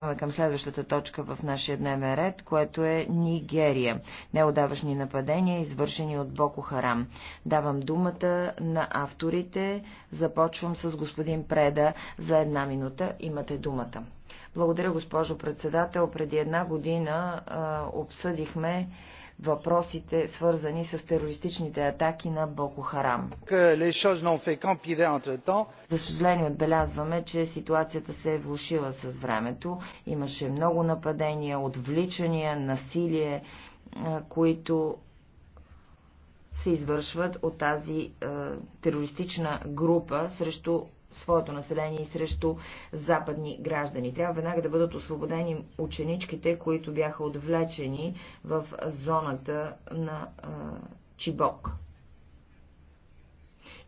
Преминаваме към следващата точка в нашия дневен ред, което е Нигерия. Неодавашни нападения, извършени от Боко Харам. Давам думата на авторите. Започвам с господин Преда за една минута. Имате думата. Благодаря, госпожо председател. Преди една година а, обсъдихме въпросите, свързани с терористичните атаки на Боко Харам. За съжаление отбелязваме, че ситуацията се е влушила с времето. Имаше много нападения, отвличания, насилие, които се извършват от тази е, терористична група срещу своето население и срещу западни граждани. Трябва веднага да бъдат освободени ученичките, които бяха отвлечени в зоната на а, Чибок.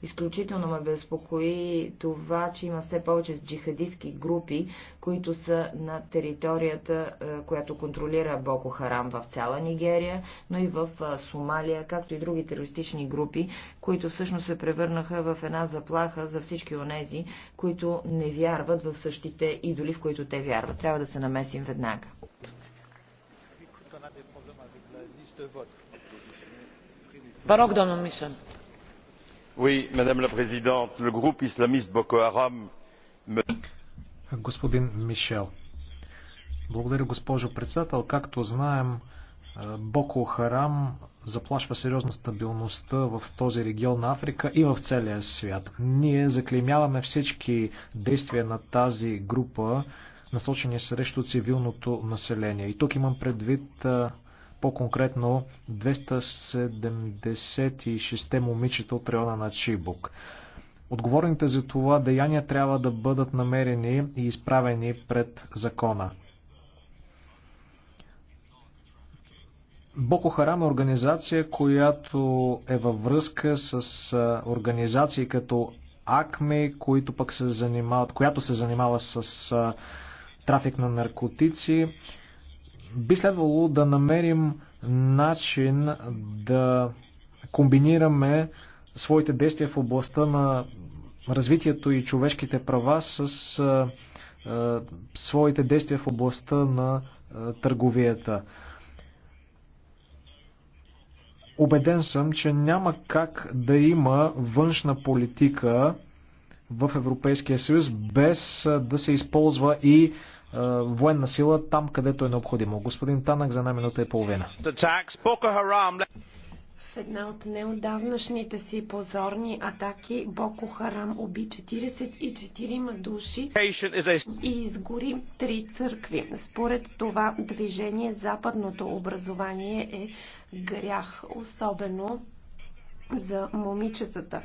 Изключително ме безпокои това, че има все повече джихадистски групи, които са на територията, е, която контролира Боко Харам в цяла Нигерия, но и в е, Сомалия, както и други терористични групи, които всъщност се превърнаха в една заплаха за всички онези, които не вярват в същите идоли, в които те вярват. Трябва да се намесим веднага. Барок, Донал Мишел madame la présidente le groupe islamiste boko haram Господин Мишел. Благодаря, госпожо председател. Както знаем, Боко Харам заплашва сериозно стабилността в този регион на Африка и в целия свят. Ние заклеймяваме всички действия на тази група, насочени срещу цивилното население. И тук имам предвид по-конкретно 276 момичета от района на Чибук. Отговорните за това деяния трябва да бъдат намерени и изправени пред закона. Боко Харам е организация, която е във връзка с организации като АКМЕ, които пък се занимават, която се занимава с трафик на наркотици. Би следвало да намерим начин да комбинираме своите действия в областта на развитието и човешките права с а, а, своите действия в областта на а, търговията. Обеден съм, че няма как да има външна политика в Европейския съюз без да се използва и е, военна сила там, където е необходимо. Господин Танък за една минута и половина. В една от неодавнашните си позорни атаки Боко Харам уби 44 души и изгори три църкви. Според това движение западното образование е грях, особено за момичетата.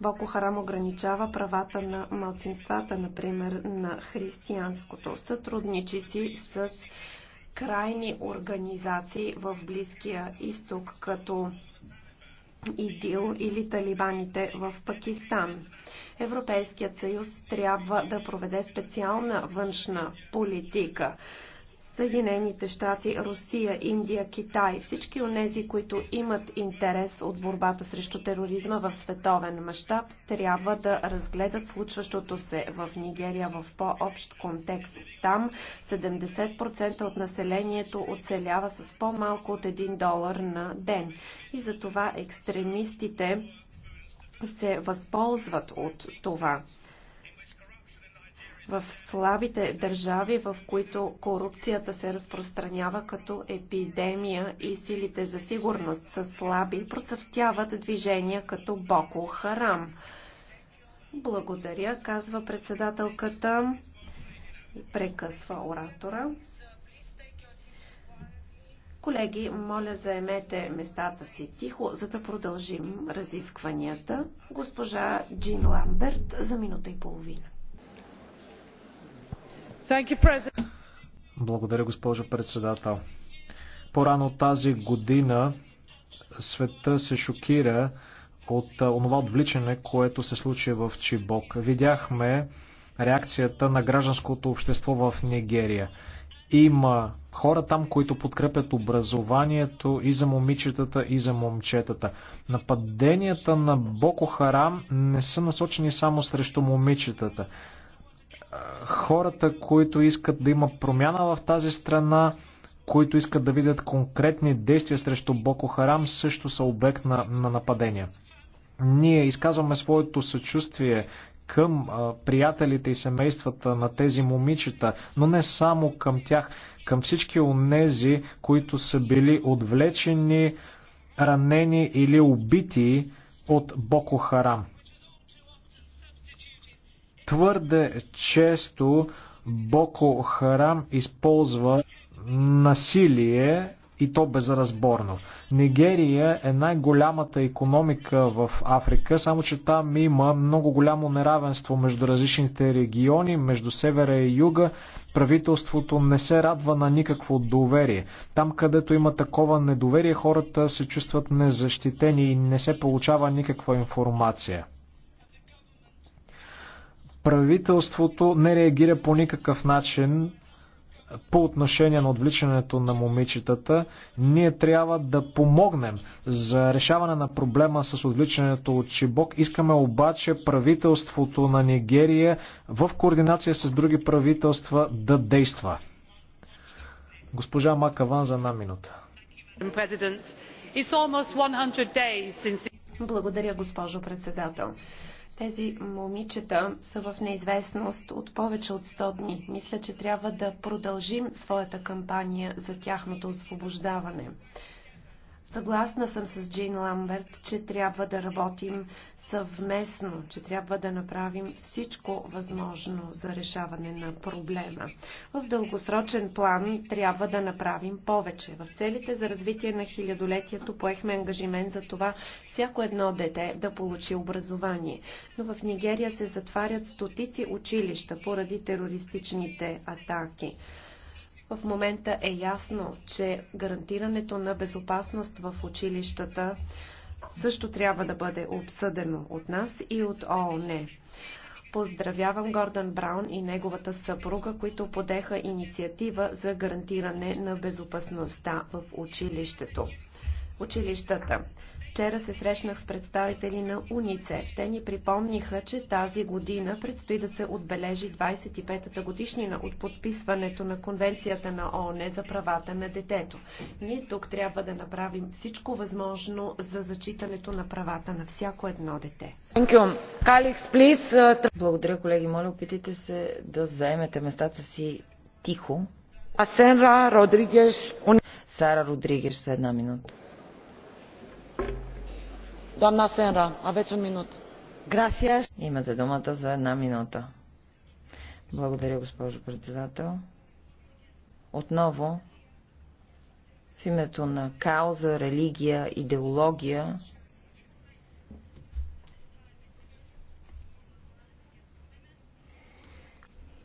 Боко Харам ограничава правата на малцинствата, например на християнското. Сътрудничи си с крайни организации в Близкия изток, като ИДИЛ или талибаните в Пакистан. Европейският съюз трябва да проведе специална външна политика Съединените щати, Русия, Индия, Китай, всички тези, които имат интерес от борбата срещу тероризма в световен мащаб, трябва да разгледат случващото се в Нигерия в по-общ контекст. Там 70% от населението оцелява с по-малко от 1 долар на ден. И затова екстремистите се възползват от това в слабите държави, в които корупцията се разпространява като епидемия и силите за сигурност са слаби, процъфтяват движения като Боко Харам. Благодаря, казва председателката и прекъсва оратора. Колеги, моля заемете местата си тихо, за да продължим разискванията. Госпожа Джин Ламберт за минута и половина. Благодаря, госпожо председател. По-рано тази година света се шокира от онова отвличане, което се случи в Чибок. Видяхме реакцията на гражданското общество в Нигерия. Има хора там, които подкрепят образованието и за момичетата, и за момчетата. Нападенията на Боко Харам не са насочени само срещу момичетата хората, които искат да има промяна в тази страна, които искат да видят конкретни действия срещу Боко Харам, също са обект на, на нападения. Ние изказваме своето съчувствие към а, приятелите и семействата на тези момичета, но не само към тях, към всички онези, които са били отвлечени, ранени или убити от Боко Харам. Твърде често Боко Харам използва насилие и то безразборно. Нигерия е най-голямата економика в Африка, само че там има много голямо неравенство между различните региони, между севера и юга. Правителството не се радва на никакво доверие. Там, където има такова недоверие, хората се чувстват незащитени и не се получава никаква информация правителството не реагира по никакъв начин по отношение на отвличането на момичетата. Ние трябва да помогнем за решаване на проблема с отвличането от Чибок. Искаме обаче правителството на Нигерия в координация с други правителства да действа. Госпожа Макаван за една минута. Благодаря, госпожо председател. Тези момичета са в неизвестност от повече от 100 дни. Мисля, че трябва да продължим своята кампания за тяхното освобождаване. Съгласна съм с Джин Ламберт, че трябва да работим съвместно, че трябва да направим всичко възможно за решаване на проблема. В дългосрочен план трябва да направим повече. В целите за развитие на хилядолетието поехме ангажимент за това всяко едно дете да получи образование. Но в Нигерия се затварят стотици училища поради терористичните атаки. В момента е ясно, че гарантирането на безопасност в училищата също трябва да бъде обсъдено от нас и от ООН. Поздравявам Гордан Браун и неговата съпруга, които подеха инициатива за гарантиране на безопасността в училището училищата. Вчера се срещнах с представители на УНИЦЕФ. Те ни припомниха, че тази година предстои да се отбележи 25-та годишнина от подписването на Конвенцията на ООН за правата на детето. Ние тук трябва да направим всичко възможно за зачитането на правата на всяко едно дете. Uh, Благодаря, колеги. Моля, опитайте се да заемете местата си тихо. Сара Родригеш за една минута. Doamna Сенра, aveți un minut. Gracias. Имате думата за една минута. Благодаря, госпожо председател. Отново, в името на кауза, религия, идеология,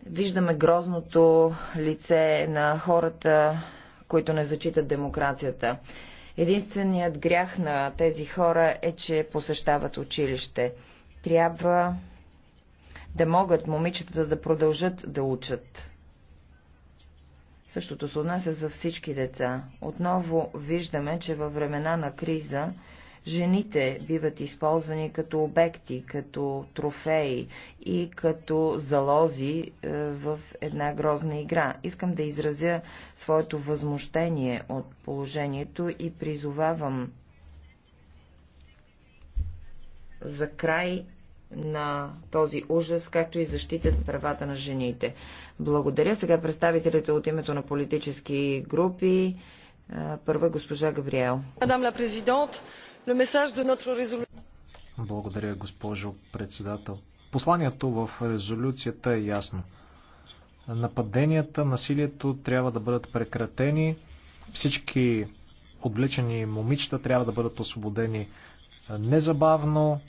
виждаме грозното лице на хората, които не зачитат демокрацията. Единственият грях на тези хора е, че посещават училище. Трябва да могат момичетата да продължат да учат. Същото се отнася за всички деца. Отново виждаме, че във времена на криза Жените биват използвани като обекти, като трофеи и като залози е, в една грозна игра. Искам да изразя своето възмущение от положението и призовавам за край на този ужас, както и защита на правата на жените. Благодаря. Сега представителите от името на политически групи. Е, първа госпожа Габриел. Мадам ла президент, благодаря, госпожо председател. Посланието в резолюцията е ясно. Нападенията, насилието трябва да бъдат прекратени. Всички отвлечени момичета трябва да бъдат освободени незабавно.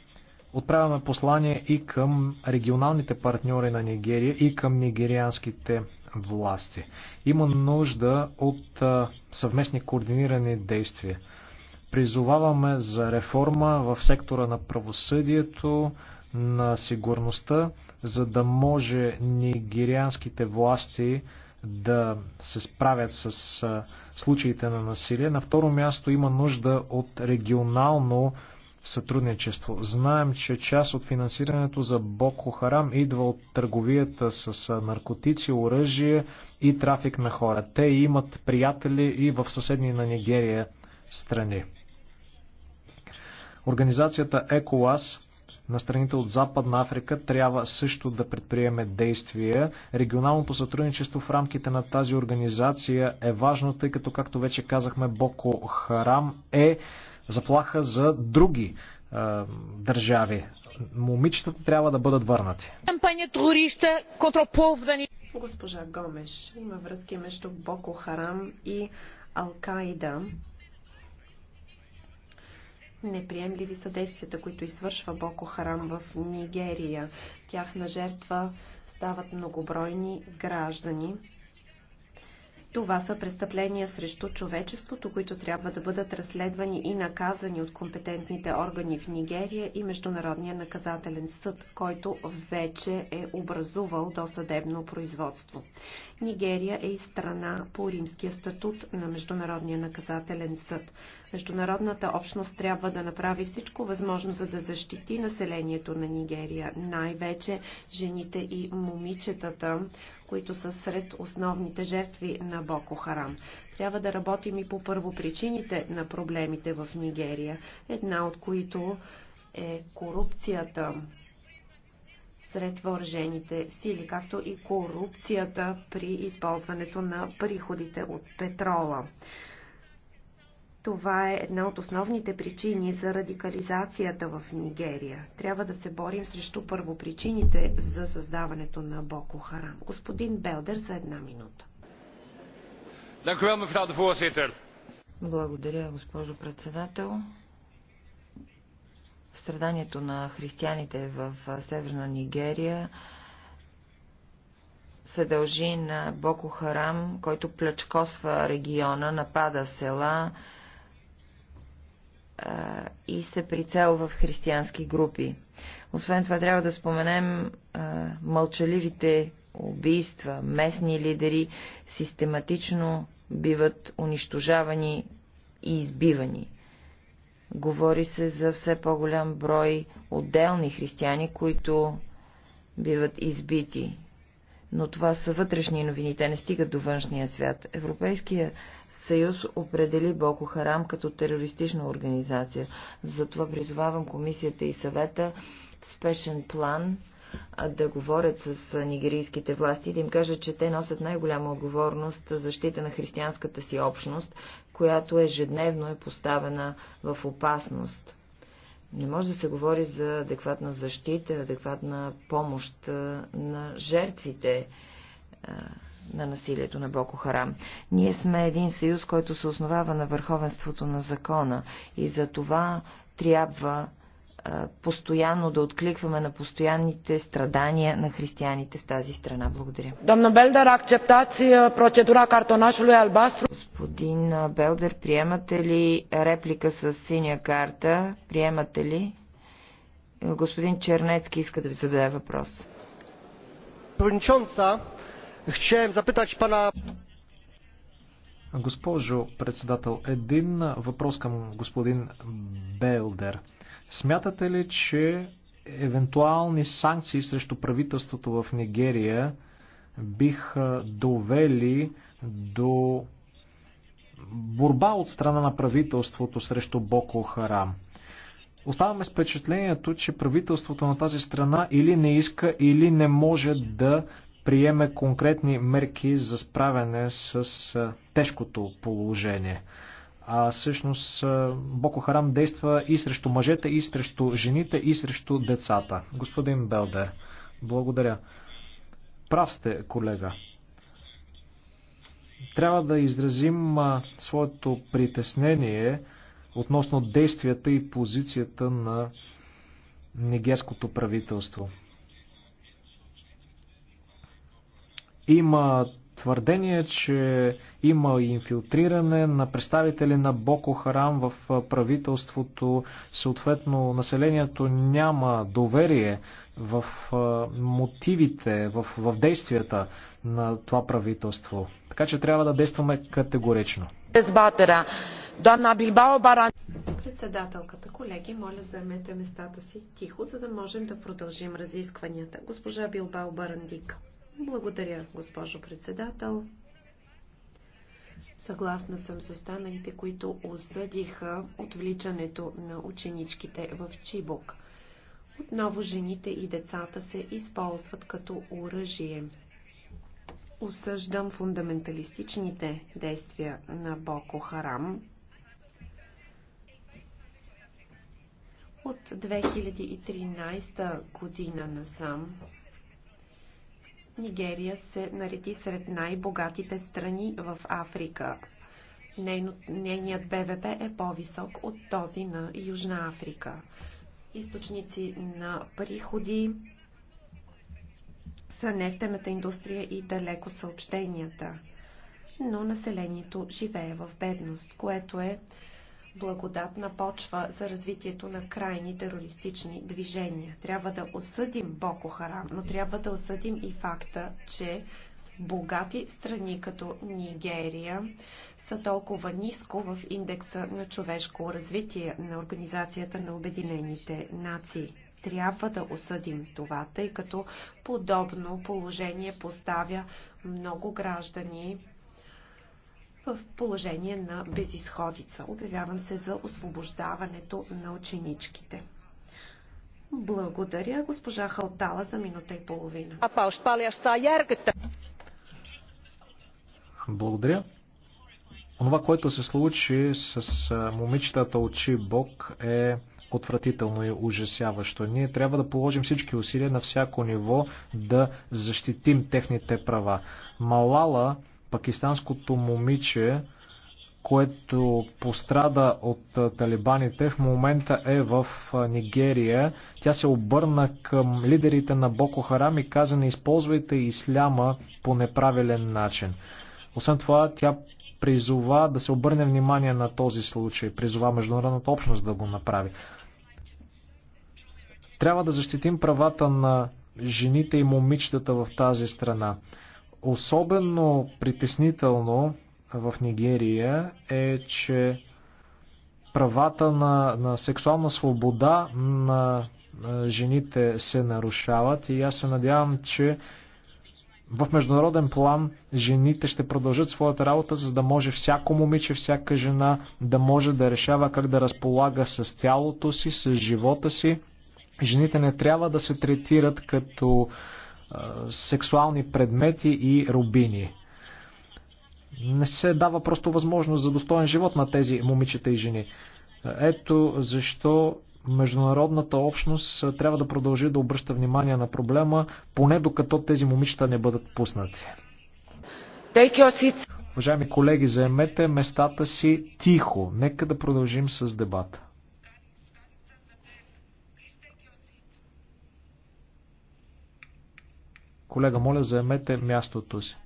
Отправяме послание и към регионалните партньори на Нигерия и към нигерианските власти. Има нужда от съвместни координирани действия. Призоваваме за реформа в сектора на правосъдието, на сигурността, за да може нигерианските власти да се справят с случаите на насилие. На второ място има нужда от регионално сътрудничество. Знаем, че част от финансирането за Боко Харам идва от търговията с наркотици, оръжие и трафик на хора. Те имат приятели и в съседни на Нигерия страни. Организацията ЕКОЛАС на страните от Западна Африка трябва също да предприеме действия. Регионалното сътрудничество в рамките на тази организация е важно, тъй като, както вече казахме, Боко Харам е заплаха за други е, държави. Момичетата трябва да бъдат върнати. Госпожа Гомеш, има връзки между Боко Харам и Алкаида. Неприемливи са действията, които извършва Боко Харам в Нигерия. Тяхна жертва стават многобройни граждани. Това са престъпления срещу човечеството, които трябва да бъдат разследвани и наказани от компетентните органи в Нигерия и Международния наказателен съд, който вече е образувал досъдебно производство. Нигерия е и страна по римския статут на Международния наказателен съд. Международната общност трябва да направи всичко възможно, за да защити населението на Нигерия, най-вече жените и момичетата, които са сред основните жертви на Боко Харам. Трябва да работим и по първопричините на проблемите в Нигерия, една от които е корупцията сред въоръжените сили, както и корупцията при използването на приходите от петрола. Това е една от основните причини за радикализацията в Нигерия. Трябва да се борим срещу първопричините за създаването на Боко Харам. Господин Белдер за една минута. Благодаря, госпожо председател. Страданието на християните в Северна Нигерия се дължи на Боко Харам, който плячкосва региона, напада села, и се прицелва в християнски групи. Освен това трябва да споменем а, мълчаливите убийства. Местни лидери систематично биват унищожавани и избивани. Говори се за все по-голям брой отделни християни, които биват избити. Но това са вътрешни новини, те не стигат до външния свят. Европейския съюз определи Боко Харам като терористична организация. Затова призовавам комисията и съвета в спешен план да говорят с нигерийските власти и да им кажат, че те носят най-голяма отговорност за защита на християнската си общност, която ежедневно е поставена в опасност. Не може да се говори за адекватна защита, адекватна помощ на жертвите на насилието на Боко Харам. Ние сме един съюз, който се основава на върховенството на закона и за това трябва постоянно да откликваме на постоянните страдания на християните в тази страна. Благодаря. Домна Белдер, акцептация процедура картонашului албастру? Господин Белдер, приемате ли реплика с синя карта? Приемате ли? Господин Чернецки иска да ви зададе въпрос. Przewodnicząca, Chciałem zapytać pana... Госпожо председател, един въпрос към господин Белдер. Смятате ли, че евентуални санкции срещу правителството в Нигерия биха довели до борба от страна на правителството срещу Боко Харам? Оставаме с впечатлението, че правителството на тази страна или не иска, или не може да приеме конкретни мерки за справяне с тежкото положение. А всъщност Боко Харам действа и срещу мъжете, и срещу жените, и срещу децата. Господин Белдер, благодаря. Прав сте, колега. Трябва да изразим своето притеснение относно действията и позицията на нигерското правителство. Има твърдение, че има инфилтриране на представители на Боко Харам в правителството. Съответно, населението няма доверие в мотивите, в, в действията на това правителство. Така че трябва да действаме категорично. Председателката, колеги, моля заемете местата си тихо, за да можем да продължим разискванията. Госпожа Билбао Барандик. Благодаря, госпожо председател. Съгласна съм с останалите, които осъдиха отвличането на ученичките в Чибок. Отново жените и децата се използват като оръжие. Осъждам фундаменталистичните действия на Боко Харам. От 2013 година насам Нигерия се нареди сред най-богатите страни в Африка. Нейният БВП е по-висок от този на Южна Африка. Източници на приходи са нефтената индустрия и далеко съобщенията. Но населението живее в бедност, което е благодатна почва за развитието на крайни терористични движения. Трябва да осъдим Боко Харам, но трябва да осъдим и факта, че богати страни като Нигерия са толкова ниско в индекса на човешко развитие на Организацията на Обединените нации. Трябва да осъдим това, тъй като подобно положение поставя много граждани в положение на безисходица. Обявявам се за освобождаването на ученичките. Благодаря, госпожа Халтала, за минута и половина. Благодаря. Онова, което се случи с момичетата очи Бог е отвратително и ужасяващо. Ние трябва да положим всички усилия на всяко ниво да защитим техните права. Малала пакистанското момиче, което пострада от талибаните, в момента е в Нигерия. Тя се обърна към лидерите на Боко Харам и каза не използвайте исляма по неправилен начин. Освен това, тя призова да се обърне внимание на този случай, призова международната общност да го направи. Трябва да защитим правата на жените и момичетата в тази страна. Особено притеснително в Нигерия е, че правата на, на сексуална свобода на жените се нарушават и аз се надявам, че в международен план жените ще продължат своята работа, за да може всяко момиче, всяка жена да може да решава как да разполага с тялото си, с живота си. Жените не трябва да се третират като сексуални предмети и рубини. Не се дава просто възможност за достоен живот на тези момичета и жени. Ето защо международната общност трябва да продължи да обръща внимание на проблема, поне докато тези момичета не бъдат пуснати. Уважаеми колеги, заемете местата си тихо. Нека да продължим с дебата. Колега, моля, заемете мястото си.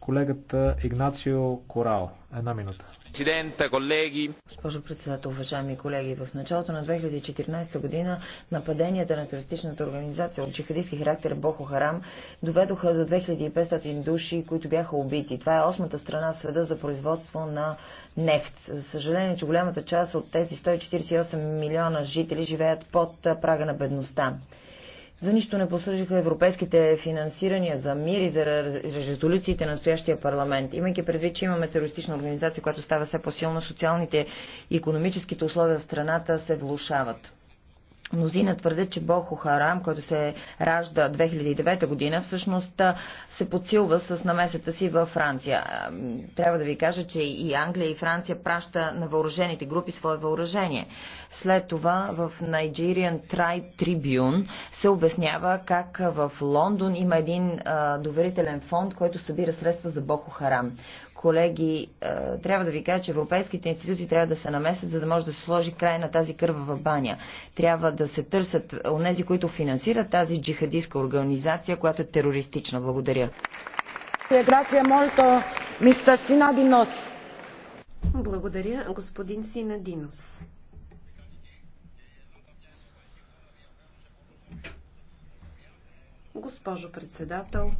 Колегата Игнацио Корал. Една минута. Президента, колеги. Госпожо председател, уважаеми колеги, в началото на 2014 година нападенията на туристичната организация от джихадистски характер Бохо Харам доведоха до 2500 души, които бяха убити. Това е осмата страна в света за производство на нефт. За съжаление, че голямата част от тези 148 милиона жители живеят под прага на бедността. За нищо не послужиха европейските финансирания за мир и за резолюциите на настоящия парламент. Имайки предвид, че имаме терористична организация, която става все по-силно, социалните и економическите условия в страната се влушават. Мнозина твърдят, че Бохо Харам, който се ражда 2009 година, всъщност се подсилва с намесата си във Франция. Трябва да ви кажа, че и Англия и Франция праща на въоръжените групи свое въоръжение. След това в Nigerian Tribe Tribune се обяснява как в Лондон има един доверителен фонд, който събира средства за Бохо Харам. Колеги, трябва да ви кажа, че европейските институции трябва да се намесят, за да може да се сложи край на тази кървава баня. Трябва да се търсят онези, които финансират тази джихадистка организация, която е терористична. Благодаря. Благодаря, господин Синадинос. Госпожо председател,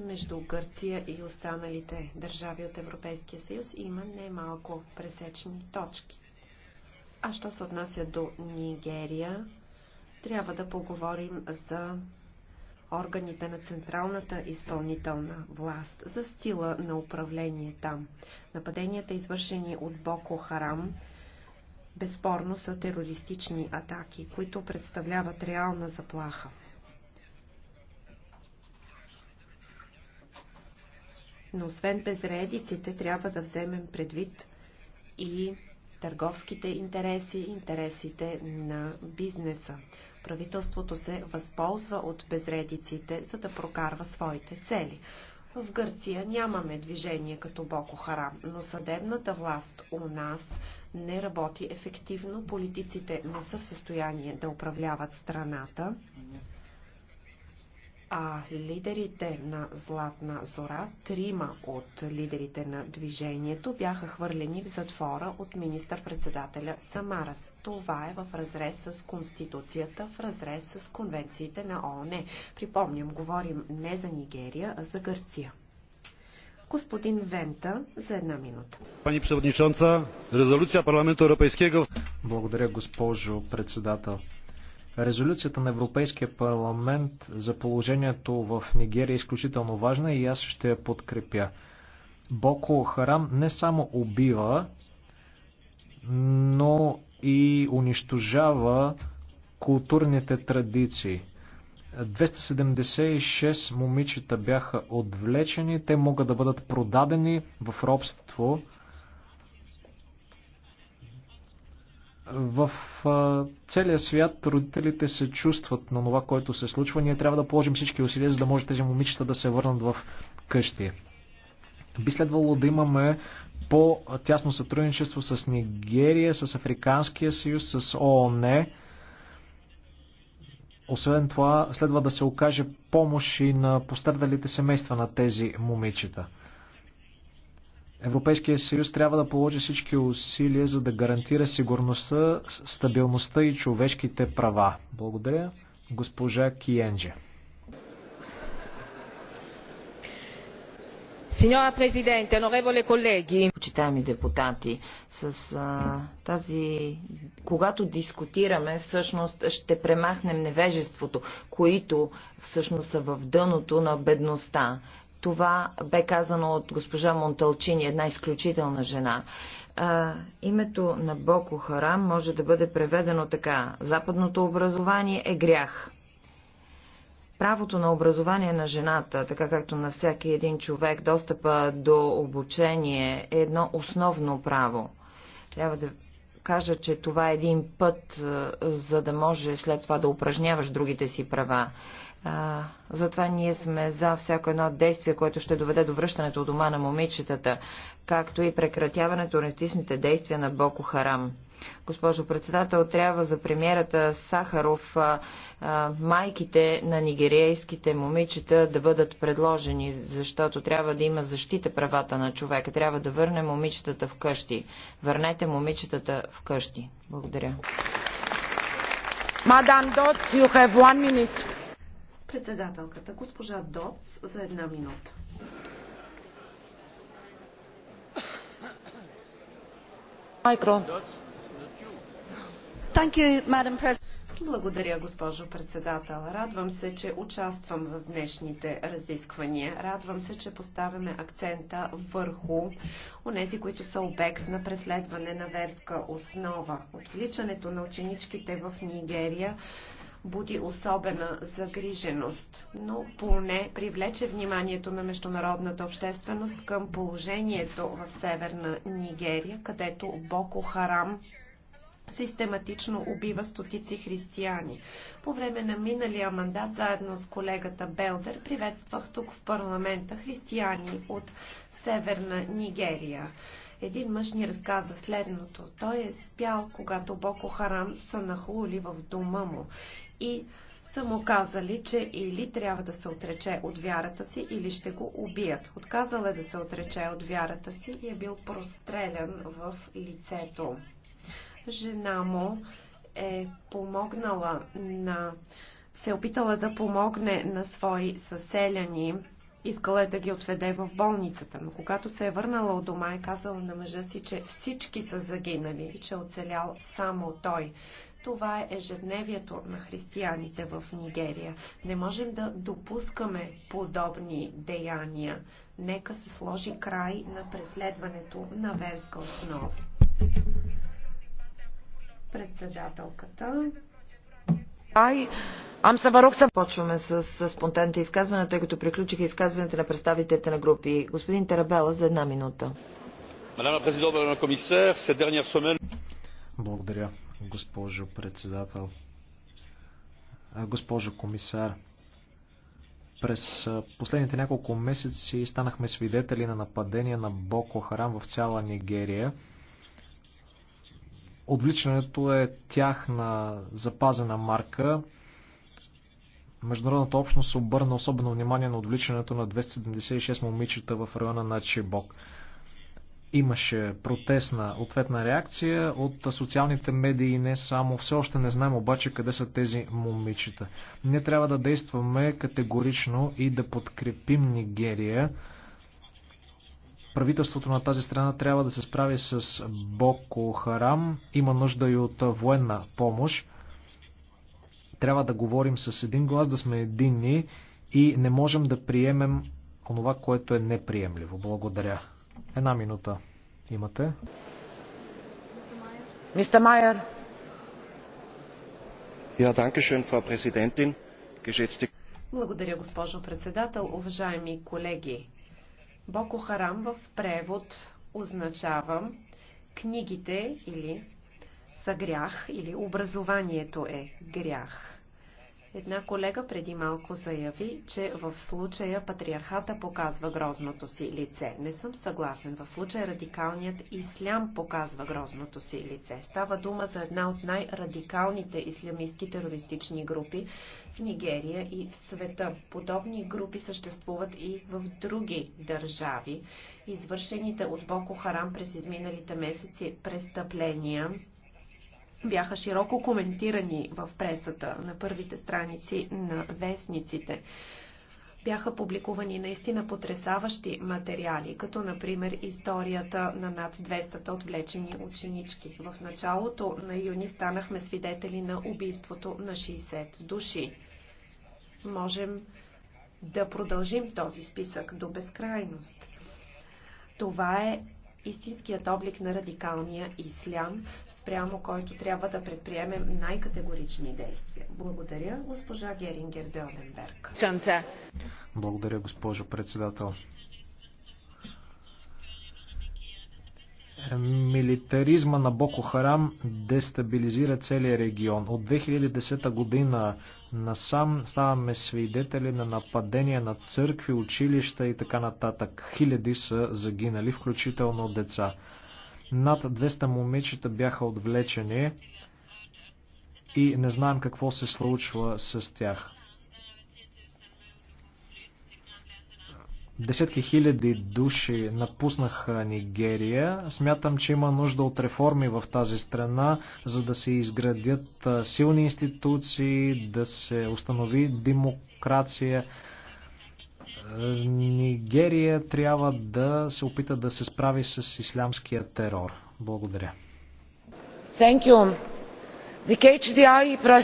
между Гърция и останалите държави от Европейския съюз има немалко пресечни точки. А що се отнася до Нигерия, трябва да поговорим за органите на централната изпълнителна власт, за стила на управление там. Нападенията, извършени от Боко Харам, безспорно са терористични атаки, които представляват реална заплаха. Но освен безредиците, трябва да вземем предвид и търговските интереси, интересите на бизнеса. Правителството се възползва от безредиците, за да прокарва своите цели. В Гърция нямаме движение като Боко Харам, но съдебната власт у нас не работи ефективно, политиците не са в състояние да управляват страната а лидерите на Златна зора, трима от лидерите на движението, бяха хвърлени в затвора от министър-председателя Самарас. Това е в разрез с Конституцията, в разрез с конвенциите на ООН. Припомням, говорим не за Нигерия, а за Гърция. Господин Вента за една минута. Пани Преводничонца, резолюция Парламента Европейския. Благодаря, госпожо председател. Резолюцията на Европейския парламент за положението в Нигерия е изключително важна и аз ще я подкрепя. Боко Харам не само убива, но и унищожава културните традиции. 276 момичета бяха отвлечени, те могат да бъдат продадени в робство В целия свят родителите се чувстват на това, което се случва. Ние трябва да положим всички усилия, за да може тези момичета да се върнат в къщи. Би следвало да имаме по-тясно сътрудничество с Нигерия, с Африканския съюз, с ООН. Освен това, следва да се окаже помощ и на пострадалите семейства на тези момичета. Европейския съюз трябва да положи всички усилия, за да гарантира сигурността, стабилността и човешките права. Благодаря, госпожа Киенджи. Signora президент, onorevole колеги, почитаеми депутати, с а, тази, когато дискутираме, всъщност ще премахнем невежеството, които всъщност са в дъното на бедността. Това бе казано от госпожа Монталчини, една изключителна жена. А, името на Боко Харам може да бъде преведено така. Западното образование е грях. Правото на образование на жената, така както на всеки един човек, достъпа до обучение е едно основно право. Трябва да кажа, че това е един път, за да може след това да упражняваш другите си права. А, затова ние сме за всяко едно действие, което ще доведе до връщането от дома на момичетата, както и прекратяването на действия на Боко Харам. Госпожо председател, трябва за премиерата Сахаров майките на нигерийските момичета да бъдат предложени, защото трябва да има защита правата на човека. Трябва да върне момичетата вкъщи. Върнете момичетата вкъщи. Благодаря. Мадам Доц, you have one minute. Председателката, госпожа Доц, за една минута. Майкро. Благодаря, госпожо председател. Радвам се, че участвам в днешните разисквания. Радвам се, че поставяме акцента върху онези, които са обект на преследване на верска основа. Отвличането на ученичките в Нигерия буди особена загриженост, но поне привлече вниманието на международната общественост към положението в северна Нигерия, където Боко Харам систематично убива стотици християни. По време на миналия мандат, заедно с колегата Белдер, приветствах тук в парламента християни от Северна Нигерия. Един мъж ни разказа следното. Той е спял, когато Боко Харам са нахлули в дома му и са му казали, че или трябва да се отрече от вярата си, или ще го убият. Отказал е да се отрече от вярата си и е бил прострелян в лицето. Жена му е помогнала на... се е опитала да помогне на свои съселяни. Искала е да ги отведе в болницата, но когато се е върнала от дома е казала на мъжа си, че всички са загинали и че е оцелял само той. Това е ежедневието на християните в Нигерия. Не можем да допускаме подобни деяния. Нека се сложи край на преследването на верска основа. Председателката. Ай, Ам се варок са. Почваме с, с спонтанните изказвания, тъй като приключиха изказванията на представителите на групи. Господин Тарабела за една минута. Благодаря, госпожо председател. Госпожо комисар, през последните няколко месеци станахме свидетели на нападения на Боко Харам в цяла Нигерия. Отвличането е тяхна запазена марка. Международната общност обърна особено внимание на отвличането на 276 момичета в района на Чебок. Имаше протестна ответна реакция от социалните медии не само. Все още не знаем обаче къде са тези момичета. Ние трябва да действаме категорично и да подкрепим Нигерия. Правителството на тази страна трябва да се справи с Боко Харам. Има нужда и от военна помощ. Трябва да говорим с един глас, да сме единни и не можем да приемем онова, което е неприемливо. Благодаря. Една минута имате. Мистер Майер. Ja, danke schön, Frau Präsidentin, благодаря, госпожо председател. Уважаеми колеги, Боко Харам в превод означава книгите или са грях или образованието е грях. Една колега преди малко заяви, че в случая патриархата показва грозното си лице. Не съм съгласен. В случая радикалният ислям показва грозното си лице. Става дума за една от най-радикалните ислямистски терористични групи в Нигерия и в света. Подобни групи съществуват и в други държави. Извършените от Боко Харам през изминалите месеци престъпления бяха широко коментирани в пресата на първите страници на вестниците. Бяха публикувани наистина потрясаващи материали, като например историята на над 200 отвлечени ученички. В началото на юни станахме свидетели на убийството на 60 души. Можем да продължим този списък до безкрайност. Това е истинският облик на радикалния ислям, спрямо който трябва да предприемем най-категорични действия. Благодаря, госпожа Герингер Делденберг. Благодаря, госпожо председател. Милитаризма на Боко Харам дестабилизира целия регион. От 2010 година Насам ставаме свидетели на нападения на църкви, училища и така нататък. Хиляди са загинали, включително деца. Над 200 момичета бяха отвлечени и не знаем какво се случва с тях. Десетки хиляди души напуснаха Нигерия. Смятам, че има нужда от реформи в тази страна, за да се изградят силни институции, да се установи демокрация. Нигерия трябва да се опита да се справи с ислямския терор. Благодаря.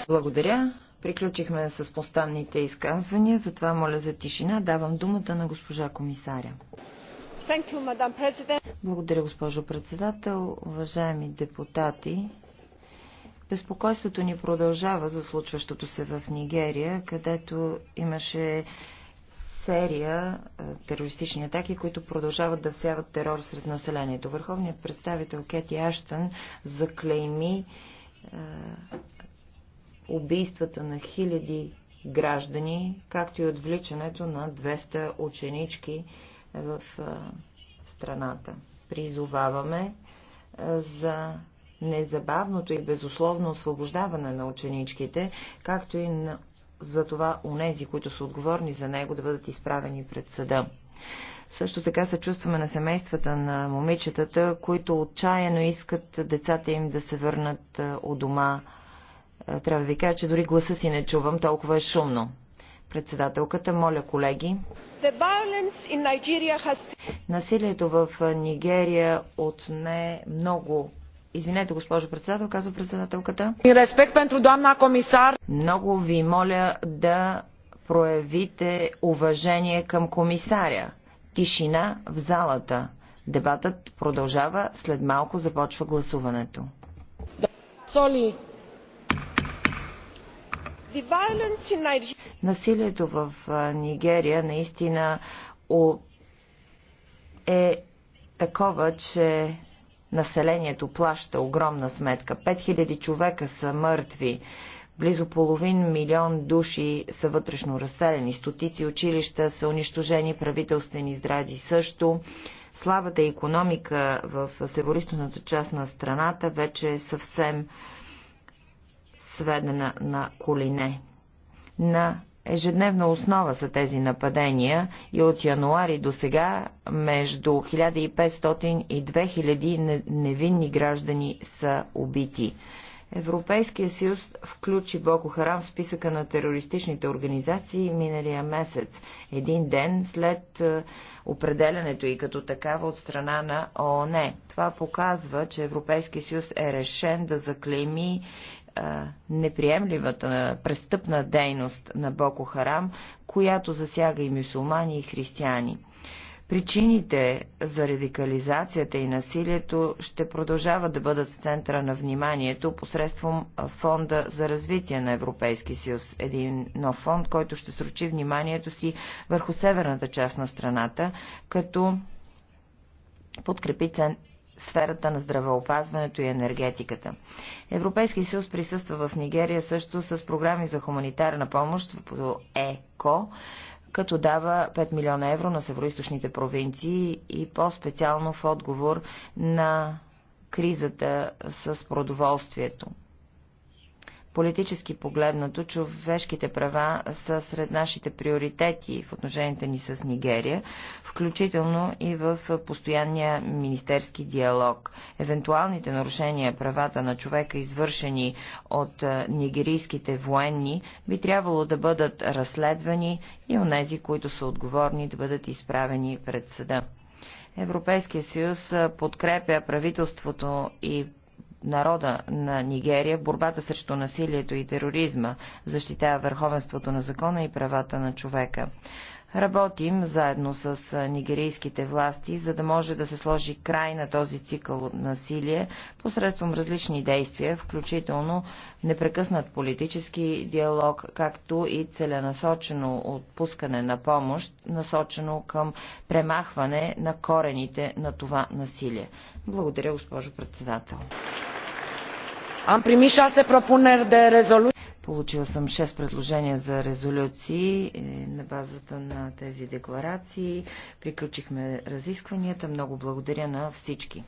Благодаря. Приключихме с постанните изказвания, затова моля за тишина. Давам думата на госпожа комисаря. You, Благодаря, госпожо председател. Уважаеми депутати, безпокойството ни продължава за случващото се в Нигерия, където имаше серия е, терористични атаки, които продължават да всяват терор сред населението. Върховният представител Кети Аштън заклейми е, убийствата на хиляди граждани, както и отвличането на 200 ученички в страната. Призоваваме за незабавното и безусловно освобождаване на ученичките, както и на, за това унези, които са отговорни за него, да бъдат изправени пред съда. Също така се чувстваме на семействата на момичетата, които отчаяно искат децата им да се върнат у дома е, трябва да ви кажа, че дори гласа си не чувам, толкова е шумно. Председателката, моля колеги. Has... Насилието в е, Нигерия отне много Извинете, госпожо председател, казва председателката. респект пентру доамна комисар. Много ви моля да проявите уважение към комисаря. Тишина в залата. Дебатът продължава. След малко започва гласуването. Соли. Насилието в Нигерия наистина е такова, че населението плаща огромна сметка. 5000 човека са мъртви. Близо половин милион души са вътрешно разселени. Стотици училища са унищожени, правителствени здради също. Слабата економика в северо част на страната вече е съвсем сведена на колине. На ежедневна основа са тези нападения и от януари до сега между 1500 и 2000 невинни граждани са убити. Европейския съюз включи Боко Харам в списъка на терористичните организации миналия месец, един ден след е, определянето и като такава от страна на ООН. Това показва, че Европейския съюз е решен да заклейми неприемливата престъпна дейност на Боко Харам, която засяга и мюсулмани, и християни. Причините за радикализацията и насилието ще продължават да бъдат в центъра на вниманието посредством Фонда за развитие на Европейски съюз. Един нов фонд, който ще срочи вниманието си върху северната част на страната, като подкрепи сферата на здравеопазването и енергетиката. Европейски съюз присъства в Нигерия също с програми за хуманитарна помощ по ЕКО, като дава 5 милиона евро на североисточните провинции и по-специално в отговор на кризата с продоволствието. Политически погледнато, човешките права са сред нашите приоритети в отношенията ни с Нигерия, включително и в постоянния министерски диалог. Евентуалните нарушения правата на човека, извършени от е, нигерийските военни, би трябвало да бъдат разследвани и онези, които са отговорни да бъдат изправени пред съда. Европейския съюз е, подкрепя правителството и народа на Нигерия в борбата срещу насилието и тероризма, защитава върховенството на закона и правата на човека. Работим заедно с нигерийските власти, за да може да се сложи край на този цикъл от насилие посредством различни действия, включително непрекъснат политически диалог, както и целенасочено отпускане на помощ, насочено към премахване на корените на това насилие. Благодаря, госпожо председател. Получил съм 6 предложения за резолюции е, на базата на тези декларации. Приключихме разискванията. Много благодаря на всички.